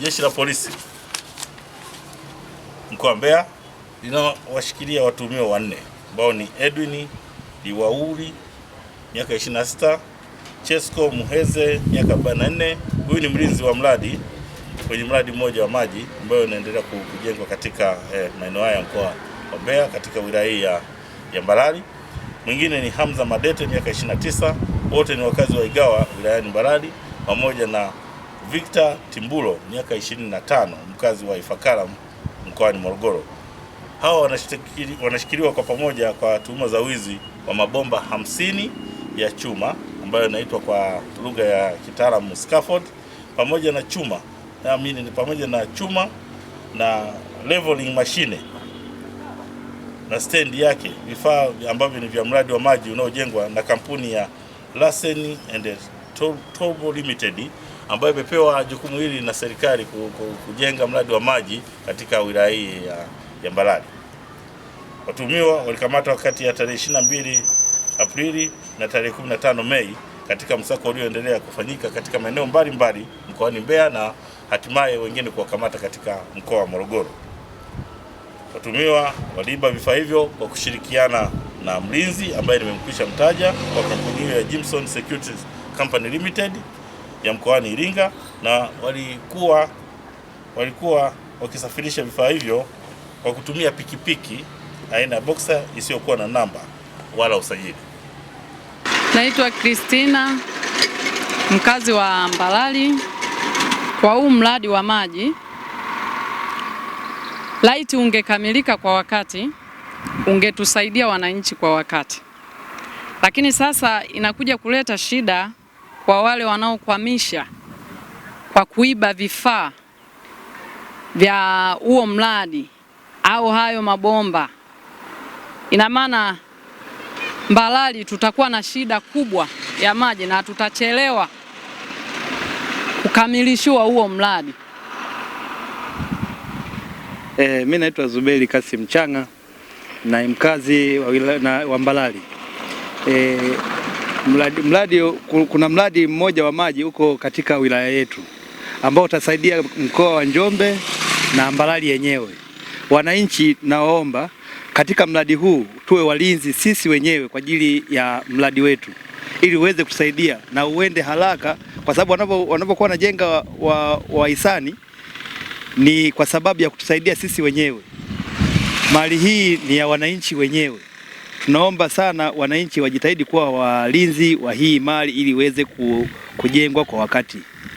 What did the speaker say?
Jeshi la Polisi mkoa Mbeya linawashikilia watuhumiwa wanne ambao ni Edwin Liwauli miaka 26, Chesco Muheze miaka 44. Huyu ni mlinzi wa mradi kwenye mradi mmoja wa maji ambayo unaendelea kujengwa katika eh, maeneo haya mkoa wa Mbeya katika wilaya hii ya, ya Mbarali. Mwingine ni Hamza Madete miaka 29. Wote ni wakazi wa Igawa wilayani Mbarali pamoja na Victor Timbulo miaka 25 mkazi wa Ifakara mkoani Morogoro. Hawa wanashikiliwa kwa pamoja kwa tuhuma za wizi wa mabomba hamsini ya chuma ambayo inaitwa kwa lugha ya kitaalamu scaffold, pamoja na chuma naamini ni pamoja na chuma na leveling mashine na stendi yake, vifaa ambavyo ni vya mradi wa maji unaojengwa na kampuni ya Larsen and Tobo Limited ambayo imepewa jukumu hili na serikali kujenga mradi wa maji katika wilaya hii ya Mbarali. Watuhumiwa walikamatwa kati ya tarehe 22 Aprili na tarehe 15 Mei katika msako ulioendelea kufanyika katika maeneo mbalimbali mkoani Mbeya na hatimaye wengine kuwakamata katika mkoa wa Morogoro. Watuhumiwa waliiba vifaa hivyo kwa kushirikiana na mlinzi ambaye nimemkwisha mtaja kwa kampuni hiyo ya Jimson Securities Company Limited ya mkoani Iringa, na walikuwa walikuwa wakisafirisha vifaa hivyo kwa kutumia pikipiki aina ya boxer isiyokuwa na namba wala usajili. Naitwa kristina mkazi wa Mbalali. Kwa huu mradi wa maji laiti ungekamilika kwa wakati ungetusaidia wananchi kwa wakati, lakini sasa inakuja kuleta shida kwa wale wanaokwamisha kwa kuiba vifaa vya huo mradi au hayo mabomba, ina maana Mbalali tutakuwa na shida kubwa ya maji na tutachelewa kukamilishiwa huo mradi. E, mi naitwa Zuberi Kasim Changa na mkazi wa Mbalali e, mradi, mradi, kuna mradi mmoja wa maji huko katika wilaya yetu ambao utasaidia mkoa wa Njombe na Mbarali yenyewe. Wananchi, nawaomba katika mradi huu tuwe walinzi sisi wenyewe kwa ajili ya mradi wetu ili uweze kutusaidia na uende haraka, kwa sababu wanapokuwa wanajenga wahisani wa ni kwa sababu ya kutusaidia sisi wenyewe. Mali hii ni ya wananchi wenyewe tunaomba sana wananchi wajitahidi kuwa walinzi wa hii mali ili iweze kujengwa kwa wakati.